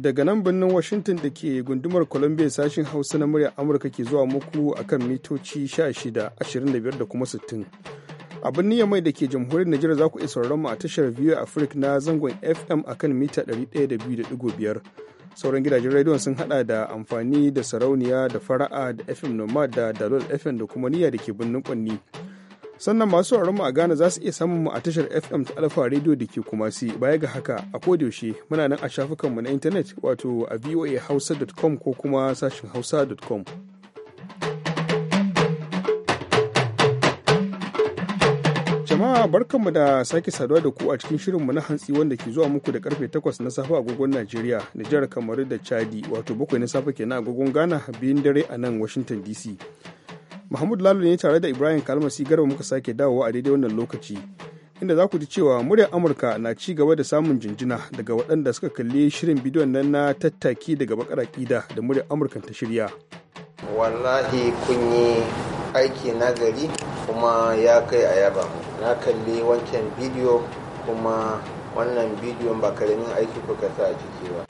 daga nan birnin Washington da ke gundumar Columbia sashen Hausa na muryar Amurka ke zuwa muku akan mitoci 16, 25 da kuma 60. A birnin Yamai da ke jamhuriyar Najeriya za ku isa mu a tashar Viewer Africa na zangon FM akan mita 102.5. Sauran gidajen rediyon sun hada da amfani da sarauniya da fara'a da FM Nomad da Dalol FM da kuma niyya da ke birnin Kwanni. sannan masu mu a Ghana za su iya samun mu a tashar FM ta Alfa Radio da ke kuma si baya ga haka a yaushe muna nan a shafukan mu na intanet wato a voahausa.com ko kuma sashin hausa.com. Jama'a barkanmu da sake saduwa da ku a cikin shirin mu na hantsi wanda ke zuwa muku da karfe 8 na safe agogon Najeriya, Nijar, Kamaru da Chadi wato bakwai na safe kenan agogon Ghana biyun dare a nan Washington DC. Mahmud Lalo ne tare da Ibrahim Kalmasi Garba muka sake dawowa a daidai wannan lokaci. Inda za ku ji cewa muryar Amurka na ci gaba da samun jinjina daga waɗanda suka kalli shirin bidiyon nan na tattaki daga bakar aƙida da muryar Amurka ta shirya. Wallahi kun yi aiki na gari kuma ya kai a yaba. Na kalli wancan bidiyo kuma wannan bidiyon ba karamin aiki kuka sa a ciki ba.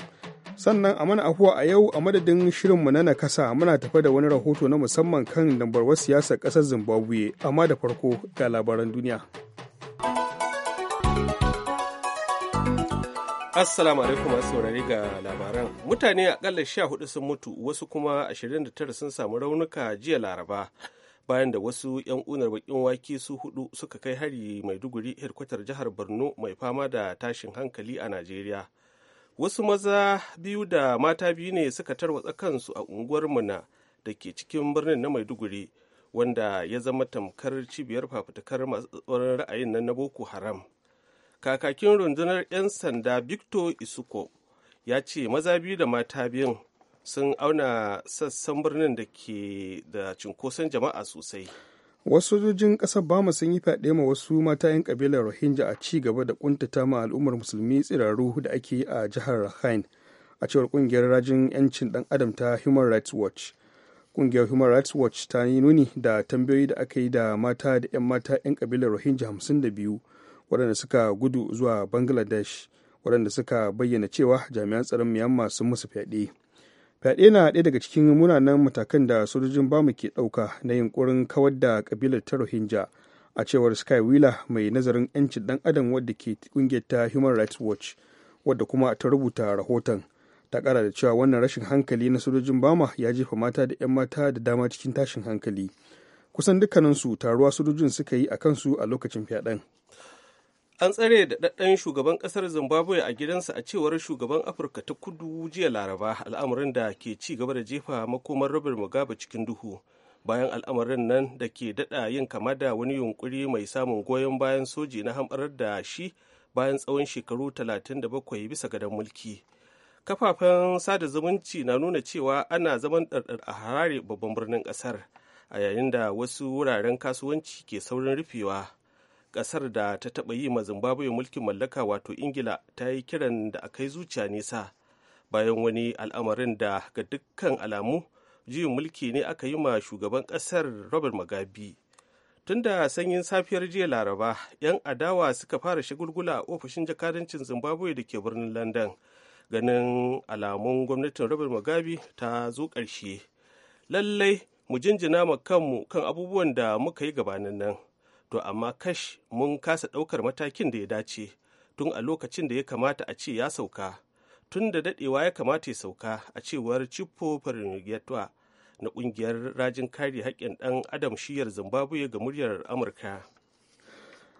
sannan a mana afuwa a yau a madadin shirinmu na nakasa muna tafa da wani rahoto na musamman kan dambarwar siyasar kasar zimbabwe amma da farko ga labaran duniya assalamu alaikum masu saurari ga labaran mutane akalla sha hudu sun mutu wasu kuma 29 sun samu raunuka jiya laraba bayan da wasu 'yan unar bakin wake su hudu suka kai hari maiduguri hedkwatar jihar borno mai fama da tashin hankali a najeriya wasu maza biyu da mata biyu ne suka tarwatsa kansu a unguwar na da ke cikin birnin na maiduguri wanda ya zama tamkar cibiyar fafutukar masu ra'ayin nan na boko haram kakakin rundunar 'yan sanda victor isuko ya ce maza biyu da mata biyun sun auna sassan birnin da ke da cunkoson jama'a sosai wasu sojojin ƙasar bama sun yi fyaɗe ma wasu mata 'yan kabilar rohingya a ci gaba da kuntata ma al'ummar musulmi tsiraru da ake yi a jihar rakhine a cewar ƙungiyar rajin 'yancin ɗan adam ta human rights watch ƙungiyar human rights watch ta yi nuni da tambayoyi da aka yi da mata da 'yan mata 'yan kabilar rohingya biyu waɗanda suka gudu zuwa bangladesh waɗanda suka bayyana cewa jami'an tsaron myanmar sun musu fyaɗe fyaɗe na ɗaya daga cikin munanan matakan da sojojin bamu ke ɗauka na yunkurin kawar da ƙabilar ta rohingya a cewar sky wheeler mai nazarin 'yancin ɗan adam wadda ke ƙungiyar ta human rights watch wadda kuma ta rubuta rahoton ta ƙara da cewa wannan rashin hankali na sojojin bama ya jefa mata da 'yan mata da dama cikin tashin hankali kusan dukkaninsu taruwa sojojin suka yi a kansu a lokacin fyaɗen an tsare da daɗaɗɗen shugaban ƙasar zimbabwe a gidansa a cewar shugaban afirka ta kudu jiya laraba al'amarin da ke ci gaba da jefa makomar robert mugabe cikin duhu bayan al'amarin nan da ke daɗa yin kama da wani yunkuri mai samun goyon bayan soji na hamɓarar da shi bayan tsawon shekaru talatin da bakwai bisa gadon mulki kafafen sada zumunci na nuna cewa ana zaman ɗarɗar a harare babban birnin ƙasar a yayin da wasu wuraren kasuwanci ke saurin rufewa ƙasar da ta taɓa yi ma zimbabwe mulkin mallaka wato ingila ta yi kiran da a kai zuciya nisa bayan wani al'amarin da ga dukkan alamu juyin mulki ne aka yi ma shugaban ƙasar robert Magabi. tun da sanyin safiyar jiya laraba 'yan adawa suka fara shagulgula a ofishin jakadancin zimbabwe da ke birnin london ganin alamun gwamnatin robert Magabi ta zo ƙarshe lallai mu jinjina ma kanmu kan abubuwan da muka yi gabanin nan to amma kash mun kasa ɗaukar matakin da ya dace tun a lokacin da ya kamata a ce ya sauka tun da daɗewa ya kamata ya sauka a cewar cippo farinigiyatwa na ƙungiyar rajin kare haƙƙin ɗan adam shiyar zimbabwe ga muryar amurka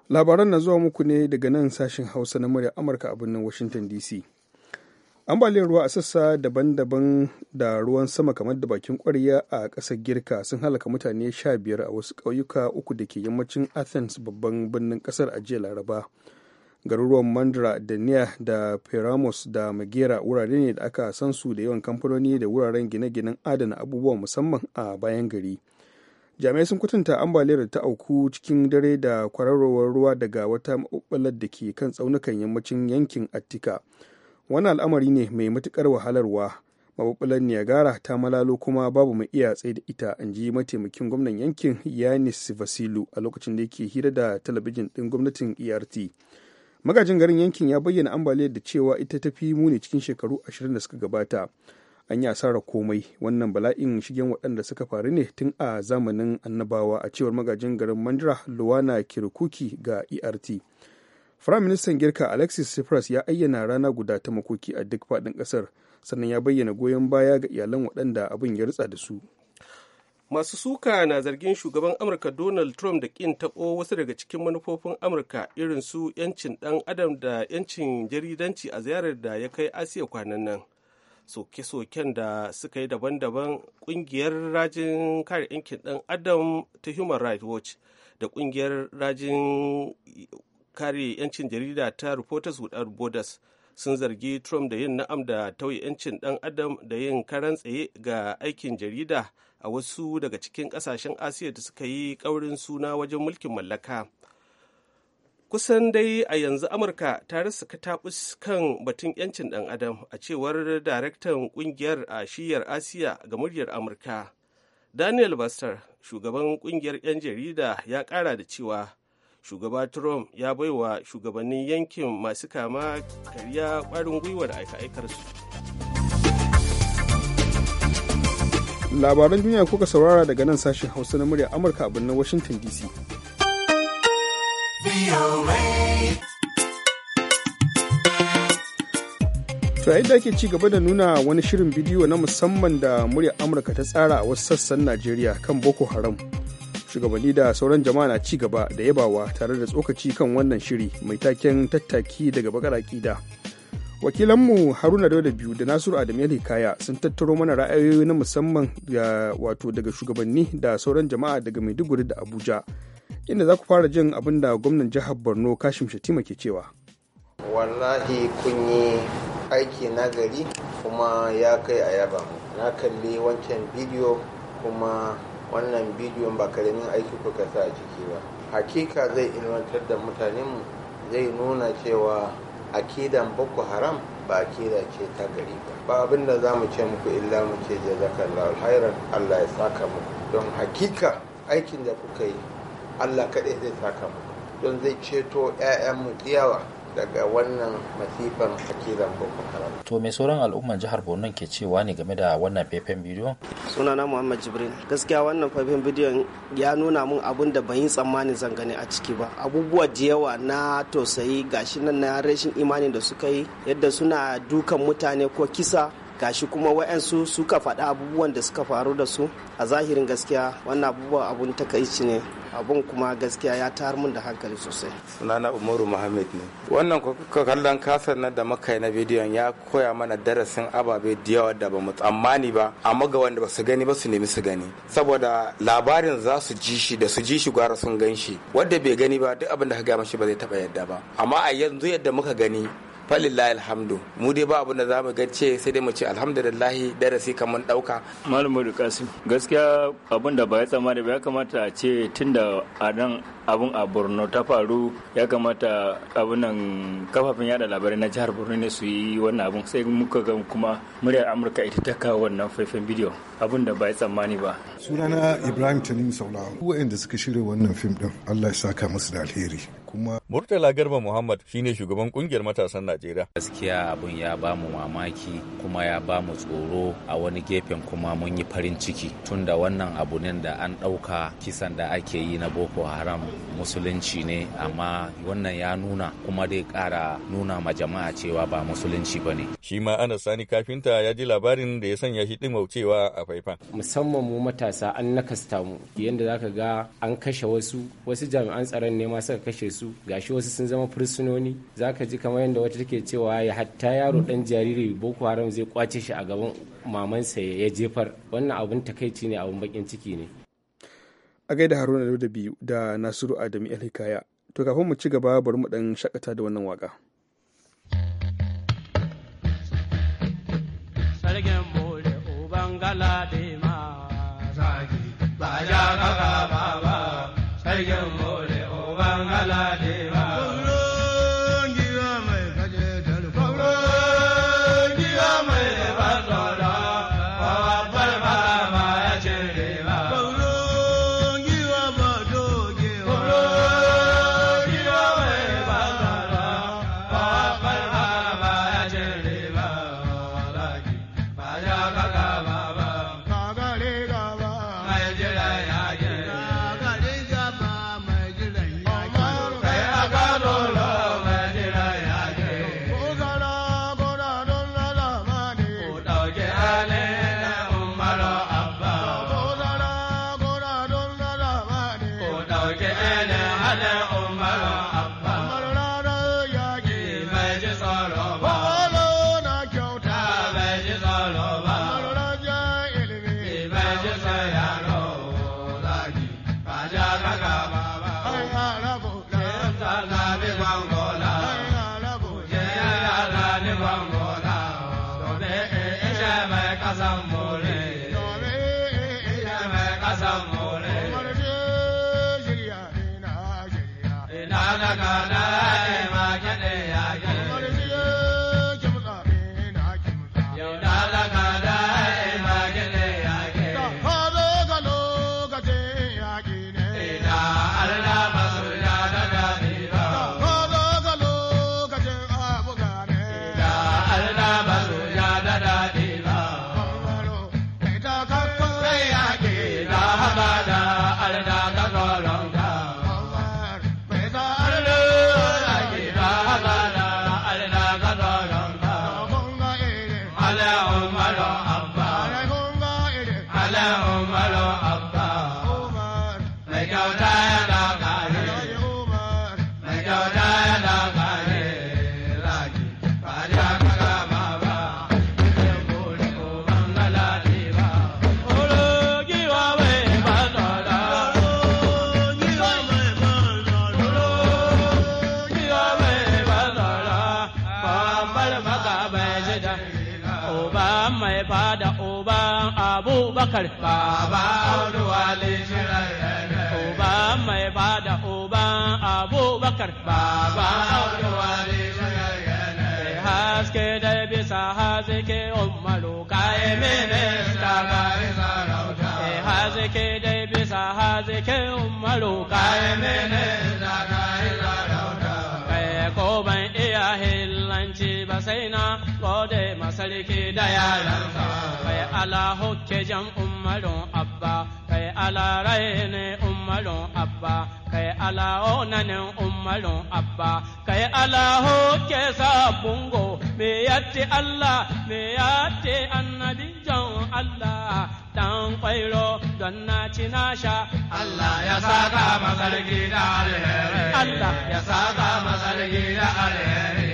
labaran na zuwa muku ne daga nan sashen hausa na muryar amurka a birnin washington dc ambaliyar ruwa a sassa daban-daban da ruwan sama kamar da bakin kwarya a ƙasar girka sun halaka mutane sha biyar a wasu ƙauyuka uku da ke yammacin athens babban birnin ƙasar a jiya laraba garuruwan mandra da niya da peramos da magera wurare ne da aka san su da yawan kamfanoni da wuraren gine-ginen adana abubuwa musamman a bayan gari jami'ai sun kwatanta ambaliyar ta auku cikin dare da kwararowar ruwa daga wata maɓuɓɓalar da ke kan tsaunukan yammacin yankin attika wani al'amari ne mai matuƙar wahalarwa maɓuɓɓular niagara ta malalo kuma babu mai iya tsaye da ita in ji mataimakin gwamnan yankin yanis vasilu a lokacin da yake hira da talabijin ɗin gwamnatin ert magajin garin yankin ya bayyana ambaliyar da cewa ita tafi fi muni cikin shekaru ashirin da suka gabata an yi asarar komai wannan bala'in shigen waɗanda suka faru ne tun a zamanin annabawa a cewar magajin garin mandra luwana kirkuki ga ert Firaministan Girka Alexis Tsipras ya ayyana rana guda ta makoki a duk faɗin ƙasar, sannan ya bayyana goyon baya ga iyalan waɗanda abin ya rutsa da su. Masu suka na zargin shugaban Amurka Donald Trump da ƙin taɓo wasu daga cikin manufofin Amurka irin su 'yancin dan adam da 'yancin jaridanci a ziyarar da ya kai Asiya kwanan nan. Soke-soken da suka yi daban-daban ƙungiyar rajin kare 'yankin ɗan adam ta Human Rights Watch da ƙungiyar rajin kare 'yancin jarida ta Reporters Without Borders sun zargi Trump da yin na'am da tauye 'yancin ɗan adam da yin karan tsaye ga aikin jarida a wasu daga cikin ƙasashen Asiya da suka yi ƙaurin suna wajen mulkin mallaka. Kusan dai a yanzu Amurka ta rasa kataɓus kan batun 'yancin ɗan adam a cewar daraktan ƙungiyar a shiyar Asiya ga muryar Amurka. Daniel Buster, shugaban ƙungiyar 'yan jarida ya ƙara da cewa shugaba trump ya baiwa shugabannin yankin masu kama karya kwarin da aika-aikarsu labaran duniya kuka saurara daga nan sashen hausa na murya amurka a birnin washington dc to yadda ake ci gaba da nuna wani shirin bidiyo na musamman da murya amurka ta tsara a wasu sassan najeriya kan boko haram shugabanni da sauran jama'a na ci gaba da yabawa tare da tsokaci kan wannan shiri mai taken tattaki daga bakar aƙida wakilanmu haruna da biyu da nasiru adam hikaya sun tattaro mana ra'ayoyi na musamman ga wato daga shugabanni da sauran jama'a daga maiduguri da abuja inda za ku fara jin abin da gwamnan jihar borno kashim shatima ke cewa wallahi kun yi aiki na gari kuma ya kai a yaba na kalli wancan bidiyo kuma wannan bidiyon ba karamin aiki kuka sa a ciki ba hakika zai ilmantar da mutanenmu zai nuna cewa akidan boko haram ba akida ce ta gari ba ba abin da za mu ce muku illa mu ce jazakallahu khairan Allah ya saka muku don hakika aikin da kuka yi Allah kaɗai zai saka muku don zai ceto 'ya'yan mu tsiyawa daga wannan masifan hakizan boko haram to mai sauran al'ummar jihar borno ke cewa ne game da wannan faifan bidiyon sunana muhammad jibril gaskiya wannan faifan bidiyon ya nuna mun abun da bayin yi tsammanin zan gani a ciki ba abubuwa da yawa na tausayi gashi nan na rashin imanin da suka yi yadda suna dukan mutane ko kisa gashi kuma wa'yansu suka faɗi abubuwan da suka faru da su a zahirin gaskiya wannan abubuwa abun takaici ne abun kuma gaskiya ya tayar mun da hankali sosai sunana umaru muhammad ne wannan kallon kasar na da muka na bidiyon ya koya mana darasin ababe da da ba tsammani ba amma ga wanda ba su gani ba su nemi su gani saboda labarin za su ji shi da su ji shi gwara sun gan shi wanda bai gani ba duk abin da ka gaya mashi ba zai taba yadda ba amma a yanzu yadda muka gani falillahi alhamdu mu dai ba abu da zamu gace sai dai mu ce alhamdulillahi darasi kamar dauka malam Mudu Kasim gaskiya abin da ba ya tsammani ba ya kamata a ce tunda a nan abun a Borno ta faru ya kamata abun nan kafafen yada labarai na jihar Borno ne su yi wannan abun sai muka ga kuma muryar Amurka ita ta kawo wannan faifan bidiyo abin da ba ya tsammani ba sunana Ibrahim Tanim Saulawa wa'anda suka shirya wannan fim din Allah ya saka musu da alheri kuma Murtala Garba Muhammad shine shugaban kungiyar matasan Najeriya gaskiya abun ya ba mu mamaki kuma ya ba mu tsoro a wani gefen kuma mun yi farin ciki tunda wannan abu ne da an ɗauka kisan da ake yi na Boko Haram musulunci ne amma wannan ya nuna kuma dai kara nuna ma jama'a cewa ba musulunci ba ne. Shi ma Anas Sani kafinta ya ji labarin da ya sanya shi ɗimaucewa a faifan. Musamman mu matasa an nakasta mu yadda za ka ga an kashe wasu wasu jami'an tsaron ne ma suka kashe su su gashi wasu sun zama fursunoni za ka ji kamar yadda wata take cewa ya hatta yaro dan jariri boko haram zai kwace shi a gaban mamansa ya jefar wannan abun takaici ne abun bakin ciki ne a gaida haruna da biyu da nasiru adamu hikaya to kafin mu ci gaba bari mu dan shakata da wannan waka sargin shakar baba auduwa ne shakar ganare haske da bisa hazike umaru kai minista kai sarauta hazike da bisa hazike umaru kai minista kai sarauta kai ko ban iya hillanci ba sai na gode masarki da yaransa kai alahokke jan umarun abba alarai ne umarun abba kai alaho na ne umarun abba kai alaho ke sabungo me yatti allah me yatti annabijan allah dan kwairo don na ci nasha allah ya saka masarki da alheri allah ya saka masarki da alheri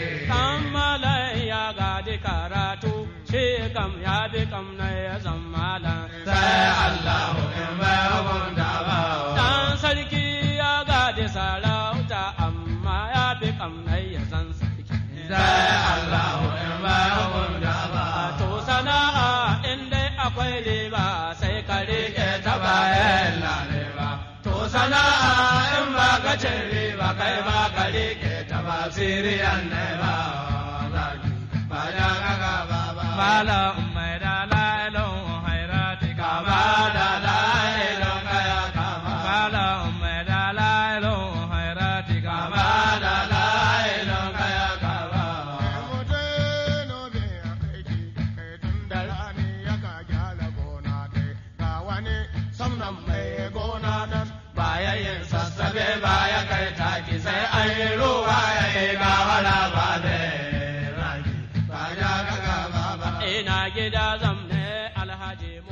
shi kam ya bi kam na ya zammala. Sai Allah in bai hukunta ba. Dan sarki ya gade sarauta amma ya bi kam na ya san sarki. Sai Allah in bai hukunta ba. To sana'a in dai akwai riba sai ka rike ta bayan lalewa. To sana'a in ba ka cin riba kai ba ka rike ta ba siriyan ne ba. la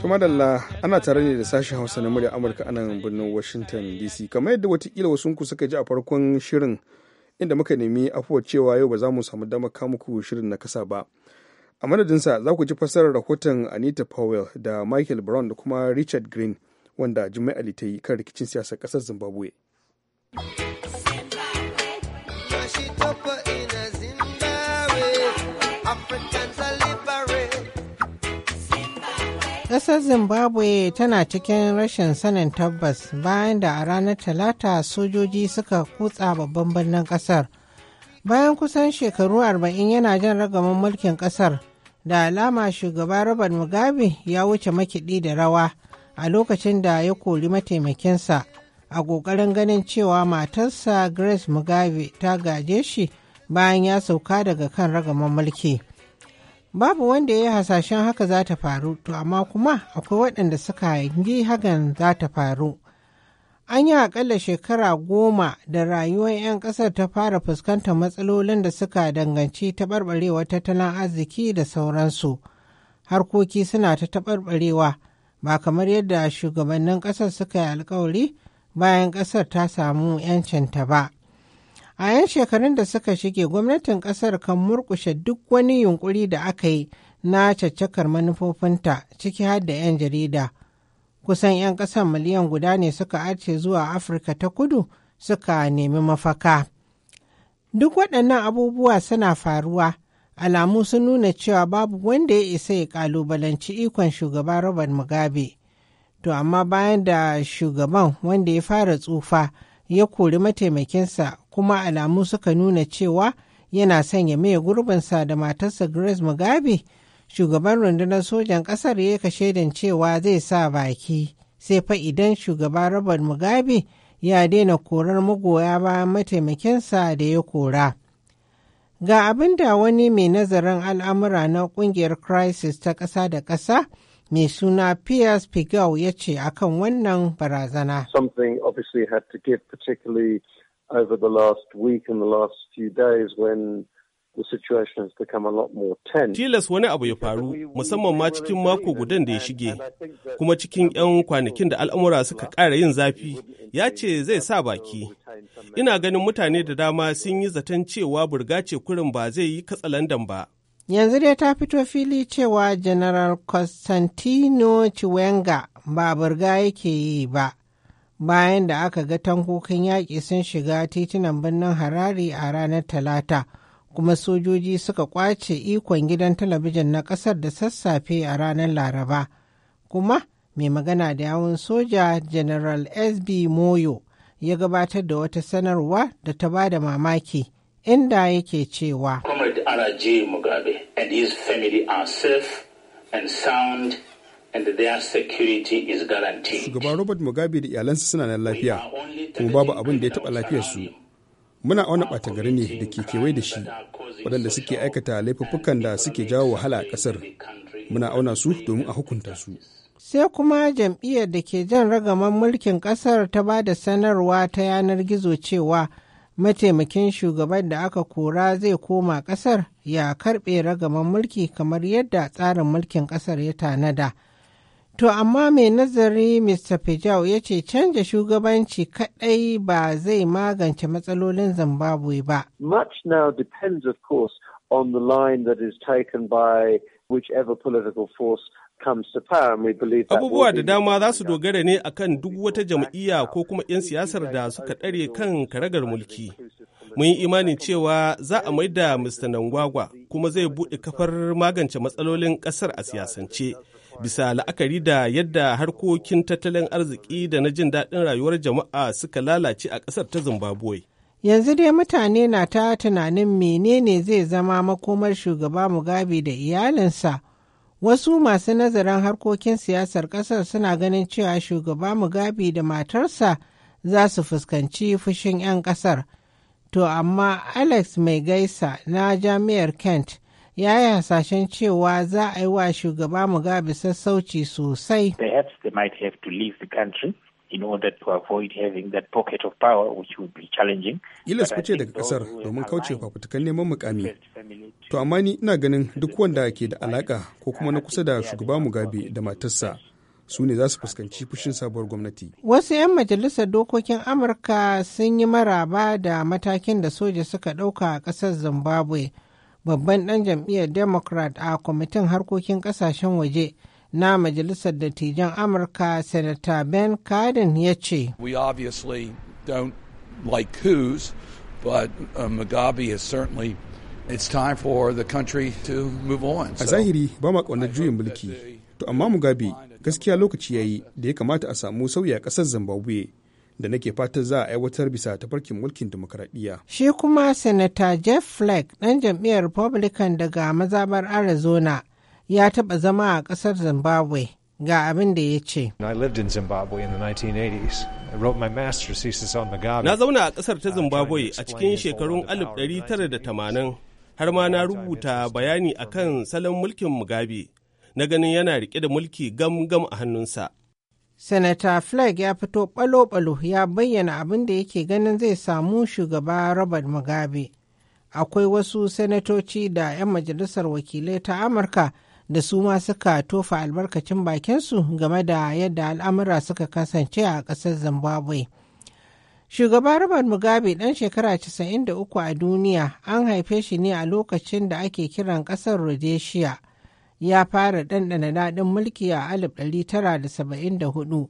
To madalla ana tare ne da sashen Hausa na murya Amurka anan birnin Washington DC. Kamar yadda watakila wasu ku suka ji a farkon shirin inda muka nemi afuwar cewa yau ba za mu samu damar muku shirin na kasa ba. A madadinsa za ku ji fassarar rahoton Anita Powell da Michael Brown da kuma Richard Green wanda jimai Ali ta yi kan rikicin siyasar kasar Zimbabwe. kasar Zimbabwe tana cikin rashin sanin tabbas bayan da a ranar Talata sojoji suka kutsa babban birnin ƙasar. Bayan kusan shekaru 40 yana jan ragaman mulkin ƙasar, da alama shugaba Robert Mugabe ya wuce makiɗi da rawa a lokacin da ya kori mataimakinsa a ƙoƙarin ganin cewa matarsa Grace Mugabe ta gaje shi bayan ya sauka daga kan ragaman mulki. babu wanda ya yi hasashen haka za ta faru to amma kuma akwai waɗanda suka yi hakan za ta faru an yi akalla shekara goma da rayuwar 'yan ƙasar ta fara fuskantar matsalolin da suka danganci taɓarɓarewa tattalin arziki da sauransu harkoki suna ta taɓarɓarewa ba kamar yadda shugabannin ƙasar suka yi alkawari bayan ƙasar ta samu 'yancinta ba. A 'yan shekarun da suka shige gwamnatin ƙasar kan murƙushe duk wani yunƙuri da aka yi na caccakar manufofinta ciki har da 'yan jarida. Kusan 'yan ƙasar miliyan guda ne suka arce zuwa Afirka ta kudu suka nemi mafaka. Duk waɗannan abubuwa suna faruwa, alamu sun nuna cewa babu wanda ya isa ya ƙalubalanci ikon shugaba Robert Mugabe. To amma bayan da shugaban wanda ya fara tsufa ya kori mataimakinsa kuma alamu suka nuna cewa yana sanya mai gurbinsa da matarsa Grace Mugabe, shugaban rundunar sojan ƙasar ya kashe shaidan cewa zai sa baki, sai fa idan shugaban Robert Mugabe ya daina korar magoya bayan mataimakinsa da ya kora. Ga abin da wani mai nazarin al'amura na ƙungiyar Crisis ta ƙasa da ƙasa mai suna Piers Pigou ya ce akan wannan barazana. Something obviously had to give particularly over the last week and the last few days when the situation has lot more tense. Tilas wani abu ya faru musamman ma cikin mako gudan da ya shige kuma cikin 'yan kwanakin da al'amura suka ƙara yin zafi ya ce zai sa baki. Ina ganin mutane da dama sun yi zaton cewa burga ce kurin ba zai yi katsalandan ba. Yanzu dai ta fito fili cewa General Constantino Chiwenga ba burga yake yi ba, bayan da aka ga tankokin yaƙi sun shiga titunan birnin harari a ranar Talata, kuma sojoji suka kwace ikon gidan talabijin na ƙasar da sassafe a ranar Laraba. Kuma mai magana da yawon soja General SB Moyo ya gabatar da wata sanarwa da ta ba da mamaki, inda yake cewa. Comrade Araji Mugabe and his family are safe and sound and their security is guaranteed. Shugaban Robert Mugabe da iyalansa suna nan lafiya, kuma babu abin da ya taɓa lafiyarsu. Muna auna ɓata gari ne da ke kewaye da shi, waɗanda suke aikata laifuffukan da suke jawo wahala a ƙasar. Muna auna su domin a hukunta su. Sai kuma jam'iyyar da ke jan ragaman mulkin ƙasar ta ba da sanarwa ta yanar gizo cewa mataimakin shugaban da aka kora zai koma ƙasar ya karɓe ragaman mulki kamar yadda tsarin mulkin ƙasar ya tanada. To amma mai nazari Mr. Pejau ya ce canja shugabanci kaɗai ba zai magance matsalolin Zimbabwe ba. Much now depends of course on the line that is taken by whichever political force Abubuwa da dama za su dogara ne akan duk wata jam'iyya ko kuma 'yan siyasar da suka ɗare kan karagar mulki. Mun yi imanin cewa za a maida Mr. Nangwagwa kuma zai buɗe kafar magance matsalolin ƙasar a siyasance. Bisa la'akari da yadda harkokin tattalin arziki da na jin daɗin rayuwar jama'a suka lalace a ƙasar ta Zimbabwe. Yanzu dai mutane na ta tunanin menene zai zama makomar shugaba Mugabe da iyalinsa. Wasu masu nazarin harkokin siyasar ƙasar suna ganin cewa shugaba Mugabe da matarsa za su fuskanci fushin 'yan ƙasar. To, amma Alex Mai Gaisa na Jami'ar Kent ya yi hasashen cewa za a yi wa shugaba Mugabe sassauci sosai. in order to avoid having that pocket of power which would be challenging. su fice daga kasar domin kauce fafutukan neman mukami. To amma ni ina ganin duk wanda ke da alaka ko kuma na kusa da shugaba Mugabe da matarsa su ne za su fuskanci fushin sabuwar gwamnati. Wasu 'yan majalisar dokokin Amurka sun yi maraba da matakin da soja suka ɗauka a ƙasar Zimbabwe. Babban ɗan jam'iyyar Democrat a kwamitin harkokin ƙasashen waje. na Majalisar Dattijan Amurka Senator Ben Cardin ya ce, We obviously don't like coups, but uh, Mugabe is certainly it's time for the country to move on. A zahiri ba ma ƙaunar juyin mulki, to amma Mugabe gaskiya lokaci ya yi da ya kamata a samu sauya a ƙasar Zimbabwe da nake fatan za a aiwatar bisa tafarkin mulkin demokaradiyya. Shi kuma Senator Jeff Flake ɗan jam'iyyar Republican daga mazabar Arizona ya taɓa zama a ƙasar Zimbabwe ga abin da ya ce. Na zauna a ƙasar ta Zimbabwe a cikin shekarun 1980 har ma na rubuta bayani a kan salon mulkin Mugabe na ganin yana rike da mulki gam-gam a hannunsa. senata Flagg ya fito balo-balo ya bayyana abin da yake ganin zai samu shugaba Robert Mugabe. Akwai wasu sanatoci da 'yan majalisar wakilai ta Amurka da su ma suka tofa albarkacin bakinsu game da yadda al'amura suka kasance a ƙasar zimbabwe shugaba robert mugabe ɗan shekara 93 a duniya an haife shi ne a lokacin da ake kiran ƙasar rhodesia ya fara ɗanɗana daɗin mulki a 1974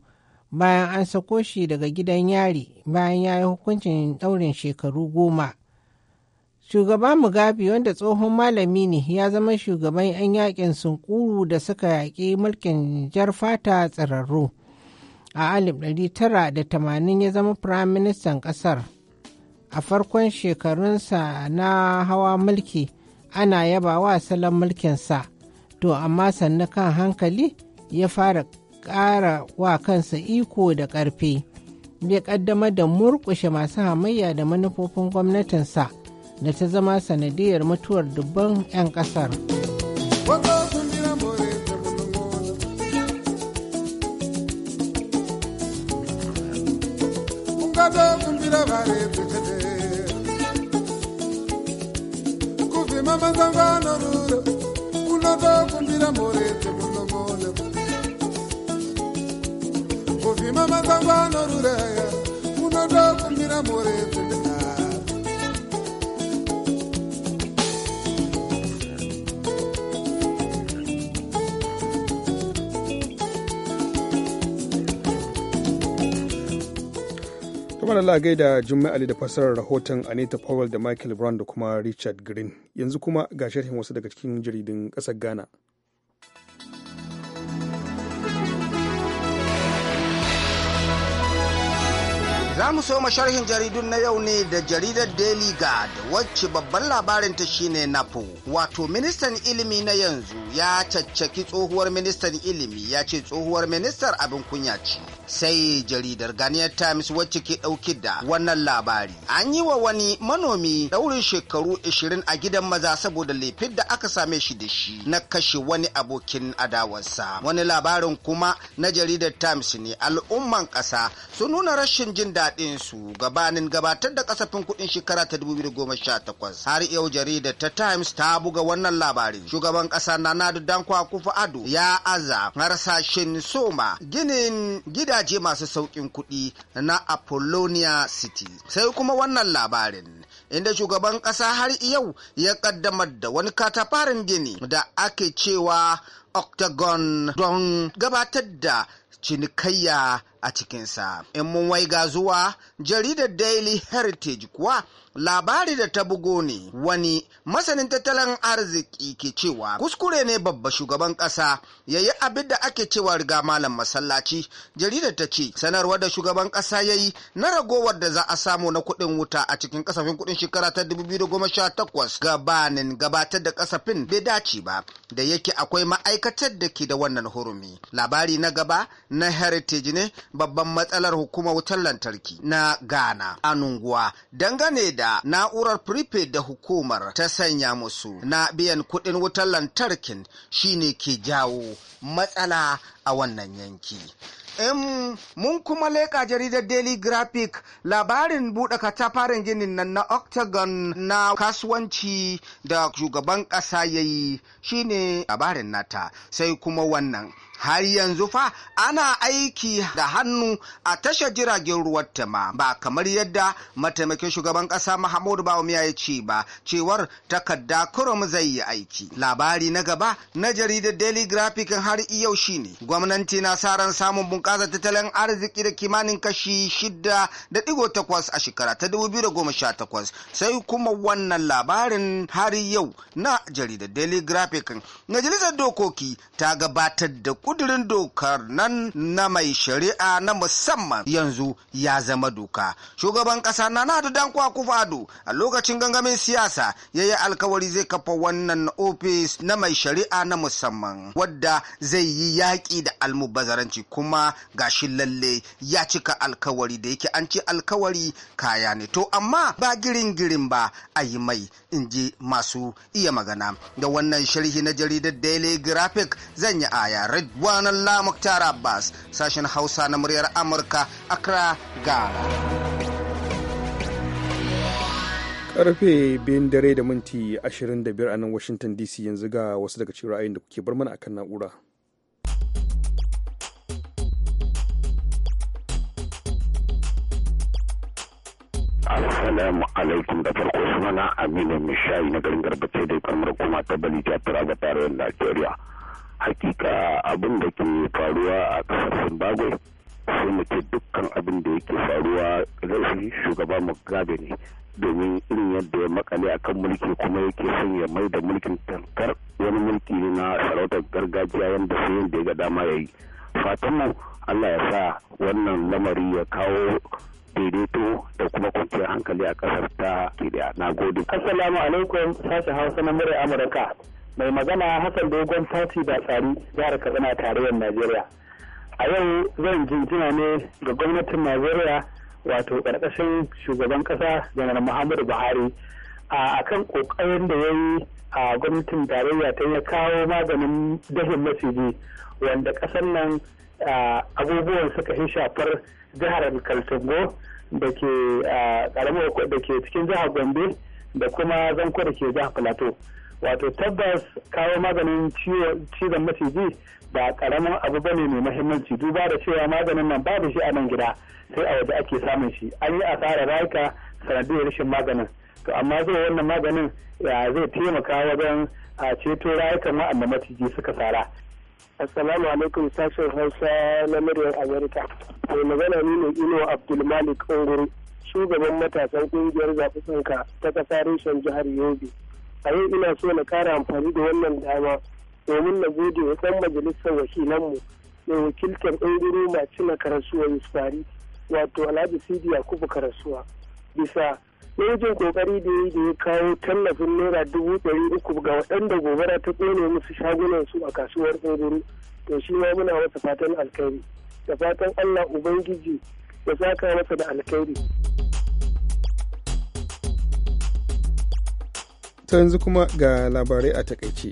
bayan an sako shi daga gidan yari bayan ya yi hukuncin ɗaurin shekaru goma Shugaba Mugabe wanda tsohon malami ne ya zama shugaban 'yan yakin sunkuru da suka yaƙi mulkin jar fata tsirarru. A 1980 ya zama firaministan ƙasar. A farkon shekarunsa na hawa mulki ana yaba wa salon mulkinsa, to amma sannu kan hankali ya fara ƙara wa kansa iko da ƙarfi. Ya ƙaddamar da murƙushe masu hamayya da manufofin gwamnatinsa. na ta zama sanadiyar mutuwar dubban 'yan kasar. Mama, mama, mama, mama, mama, mama, mama, mama, mama, mama, madalla gaida Jummai Ali da fassarar rahoton Anita Powell da Michael Brown da kuma Richard Green. Yanzu kuma ga sharhin wasu daga cikin jaridun ƙasar Ghana. Za mu so sharhin jaridun na yau ne da jaridar Daily Guard wacce babban labarin ta shine Napo. Wato ministan ilimi na yanzu ya caccaki tsohuwar ministan ilimi ya ce tsohuwar ministar abin kunya ce. sai jaridar Ghanaian Times wacce ke ɗauki da wannan labari. An yi wa wani manomi ɗaurin shekaru 20 a gidan maza saboda laifin da aka same shi da shi na kashe wani abokin adawarsa. Wani labarin kuma na jaridar Times ne al'umman ƙasa su nuna rashin jin daɗin su gabanin gabatar da kasafin kuɗin shekara ta 2018. Har yau jaridar ta Times ta buga wannan labarin. Shugaban ƙasa Nana Dankwa Kufa Ado ya aza harsashin soma ginin gida gidaje masu sauƙin kuɗi na apollonia city sai kuma wannan labarin inda shugaban ƙasa har yau ya ƙaddamar da wani katafarin gini da ake cewa octagon don gabatar da cinikayya a cikinsa. In mun waiga zuwa jaridar Daily Heritage kuwa labari da ta bugo ne wani masanin tattalin arziki ke cewa kuskure ne babba shugaban ƙasa ya yi abin da ake cewa riga malam masallaci jaridar ta ce sanarwar da shugaban ƙasa ya yi na ragowar da za a samu na kuɗin wuta a cikin kasafin kuɗin shekara ta 2018 gabanin gabatar da kasafin bai dace ba da yake akwai ma'aikatar da ke da wannan hurumi labari na gaba na heritage ne babban matsalar hukumar wutar lantarki na Ghana a Nunguwa dangane da na'urar prepaid da hukumar ta sanya musu na biyan kuɗin wutar lantarkin shine ke jawo matsala a wannan yanki. in mun kuma leƙa jaridar daily graphic labarin buɗe katafaren ginin nan na octagon na kasuwanci da shugaban ƙasa ya yi shine labarin nata sai kuma wannan har yanzu fa ana aiki da hannu a tashar jiragen ruwan tama ba kamar yadda mataimakin shugaban ƙasa Mahamudu Bawumia ya ce ba cewar takarda kurum zai yi aiki. Labari na gaba na jaridar Daily Graphic har yau shine gwamnati na sa ran samun bunƙasar tattalin arziki da kimanin kashi shida da digo takwas a shekara ta dubu biyu da goma sha takwas sai kuma wannan labarin har yau na jaridar Daily Graphic. Majalisar dokoki ta gabatar da kudirin dokar nan na mai shari'a na musamman yanzu ya zama doka shugaban ƙasa na nadu dankwa kufado a lokacin gangamin siyasa ya yi alkawari zai kafa wannan ofis na mai shari'a na musamman wadda zai yi yaƙi da almubazaranci kuma gashi lalle ya cika alkawari da yake an ci alkawari kaya ne to amma ba girin girin ba a yi mai in ji masu iya magana da wannan sharhi na jaridar daily graphic zan yi aya red Gwanalla tara Abbas, sashen Hausa na muryar Amurka, akra Ghana. Karfe biyun dare da minti 25 a nan Washington DC yanzu ga wasu daga cikin ra'ayin da kuke bar mana akan na'ura. Assalamu alaikum da farko sunana Aminu Mishayi na garin garbace da kamar kuma ta Bali tara da tarayyar Najeriya. hakika abin da ke faruwa a kasar zimbabwe sai mu ce dukkan abin da yake faruwa rashin shugaba mugabe ne domin irin yadda ya makale a kan mulki kuma yake son ya mai da mulkin tankar wani mulki ne na sarautar gargajiya yadda sai yadda ya ga dama ya yi fatanmu allah ya sa wannan lamari ya kawo daidaito da kuma kwanciyar hankali a kasar ta ke da na gode assalamu alaikum sashen hausa na murai amurka mai magana hassan dogon fati da tsari jihar katsina tarayyar najeriya a yau zan jinjina ne ga gwamnatin najeriya wato ƙarƙashin shugaban ƙasa janar muhammadu buhari a kan ƙoƙarin da ya yi a gwamnatin tarayya ta ya kawo maganin dahin masiji wanda ƙasar nan abubuwan suka yi shafar jihar kaltungo da ke da ke cikin jihar gombe da kuma zanko da ke jihar plateau wato tabbas kawo maganin cizon maciji ba karamin abu bane ne mai mahimmanci duba da cewa maganin nan babu shi a nan gida sai a waje ake samun shi an yi asarar rayuka sanadiyar rashin maganin to amma zai wannan maganin ya zai taimaka wajen a ceto rayukan wa'anda maciji suka sara Assalamu alaikum sashen Hausa na muryar Amerika. Mai magana ni ne Ino Abdulmalik Unguru, shugaban matasan kungiyar zaɓuɓɓunka ta ƙasa reshen jihar Yobe. a yau ina so na kara amfani da wannan dama domin na gode wa ɗan majalisar wakilanmu mai wakiltar ɗanguru masu na karasuwa yusufari wato alhaji sidi yakubu karasuwa bisa namijin kokari da yi da ya kawo tallafin naira dubu ɗari uku ga waɗanda gobara ta ƙone musu shagunan su a kasuwar ɗanguru to shi ma muna masa fatan alkhairi da fatan allah ubangiji ya saka masa da alkhairi. To yanzu kuma ga labarai a takaice.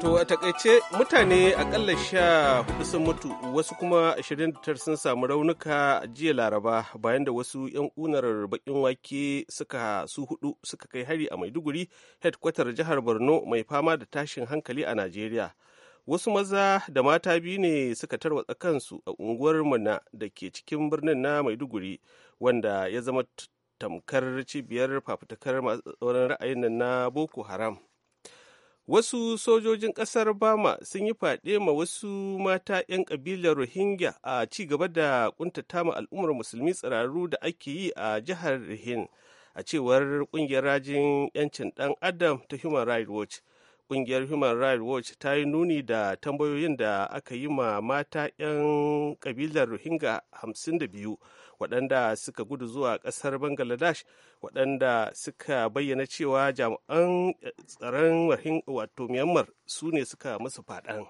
To a takaice mutane akalla sha hudu sun mutu wasu kuma 29 sun samu raunuka jiya laraba bayan da wasu 'yan unar bakin wake suka su hudu suka kai hari a maiduguri headkwatar jihar borno mai fama da tashin hankali a najeriya wasu maza da mata biyu ne suka tarwatsa kansu a unguwar mana da ke cikin birnin na maiduguri wanda ya zama tamkar cibiyar fafutukar tsoron ra'ayin nan na boko haram wasu sojojin kasar bama sun yi fyaɗe ma wasu mata 'yan ƙabilar rohingya a ci gaba da ƙuntata ma al'ummar musulmi tsiraru da ake yi a jihar rahin a cewar ƙungiyar rajin 'yancin dan adam ta human rights watch kungiyar human rights watch ta yi nuni da tambayoyin da aka yi ma mata 'yan kabilar rohingya 52 waɗanda suka gudu zuwa ƙasar bangladesh waɗanda suka bayyana cewa jami'an tsaron wato myanmar su ne suka musu faɗan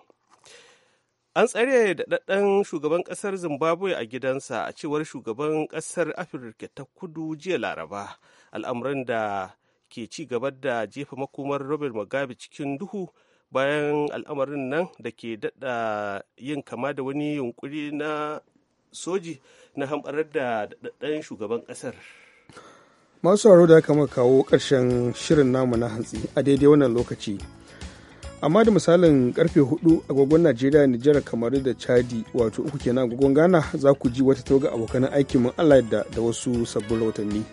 an tsare daɗaɗɗen shugaban ƙasar zimbabwe a gidansa a cewar shugaban ƙasar afirka ta kudu jiya laraba al'amuran da ke ci gaba da jefa makomar robert mugabe cikin duhu bayan al'amarin nan da ke daɗa yin kama da wani yunkuri na soji na hamɓarar da daɗaɗɗen shugaban ƙasar masu sauraro da aka kawo ƙarshen shirin namu na hantsi a daidai wannan lokaci amma da misalin karfe 4 agogon najeriya nijar kamar da chadi wato uku kenan agogon ghana za ku ji wata toga abokan aikin mun allah da wasu sabbin rahotanni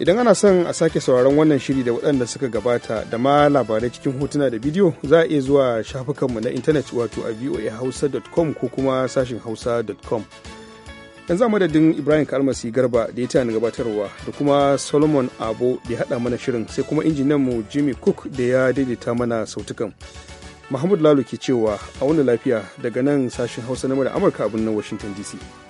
idan ana son a sake sauraron wannan shiri da waɗanda suka gabata da ma labarai cikin hotuna da bidiyo za a iya zuwa shafukanmu na intanet wato a voa voahausa.com ko kuma sashin hausa.com yanzu a madadin ibrahim kalmasi garba da ya tana gabatarwa da kuma solomon abo da ya hada mana shirin sai kuma mu jimmy cook da ya daidaita mana sautukan mahmud lalu ke cewa a wani lafiya daga nan sashen hausa na amurka abin nan washington dc